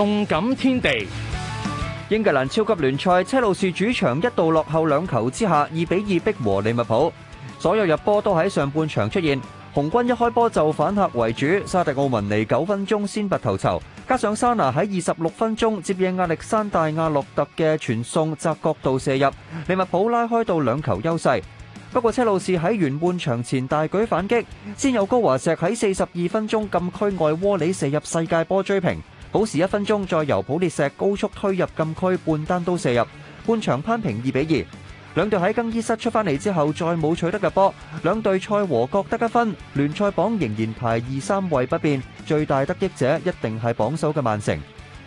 動感天地，英格蘭超級聯賽，車路士主場一度落後兩球之下，二比二迫和利物浦。所有入波都喺上半場出現，紅軍一開波就反客為主。沙特奧文尼九分鐘先拔頭籌，加上沙拿喺二十六分鐘接應亞歷山大亞洛特嘅傳送，窄角度射入，利物浦拉開到兩球優勢。不過車路士喺完半場前大舉反擊，先有高華石喺四十二分鐘禁區外窩裏射入世界波追平。保持一分鐘，再由普列石高速推入禁區，半單刀射入，半場攀平二比二。兩隊喺更衣室出翻嚟之後，再冇取得入波，兩隊賽和各得一分，聯賽榜仍然排二三位不變，最大得益者一定係榜首嘅曼城。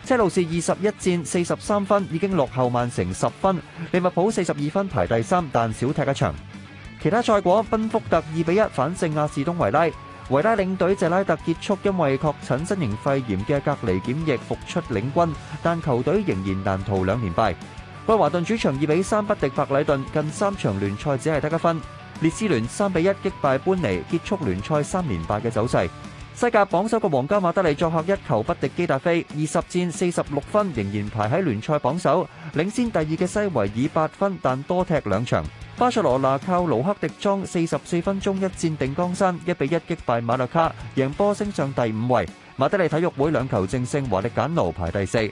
車路士二十一戰四十三分，已經落後曼城十分。利物浦四十二分排第三，但少踢一場。其他賽果，賓福特二比一反勝亞士東維拉。維拉領隊謝拉特結束因為確診新型肺炎嘅隔離檢疫，復出領軍，但球隊仍然難逃兩連敗。愛華頓主場二比三不敵白禮頓，近三場聯賽只係得一分。列斯聯三比一擊敗般尼，結束聯賽三連敗嘅走勢。西甲榜首嘅皇家馬德里作客一球不敵基達菲，二十戰四十六分仍然排喺聯賽榜首，領先第二嘅西維爾八分，但多踢兩場。巴塞羅那靠盧克迪莊四十四分鐘一戰定江山，一比一擊敗馬略卡，贏波升上第五位。馬德里體育會兩球正勝，華力簡奴排第四。